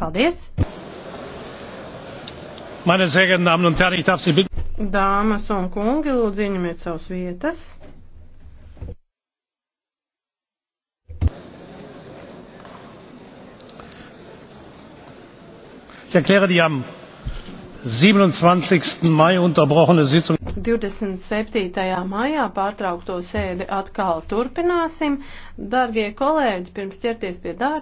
Paldies! Meine sehr geehrten Damen und Herren, ich darf Sie bitten. Dāmas un kungi, lūdzu, ieņemiet savas vietas. Ich erkläre die am 27. Mai unterbrochene Sitzung. 27. maijā pārtraukto sēdi atkal turpināsim. Dargie kolēģi, pirms ķerties pie darba.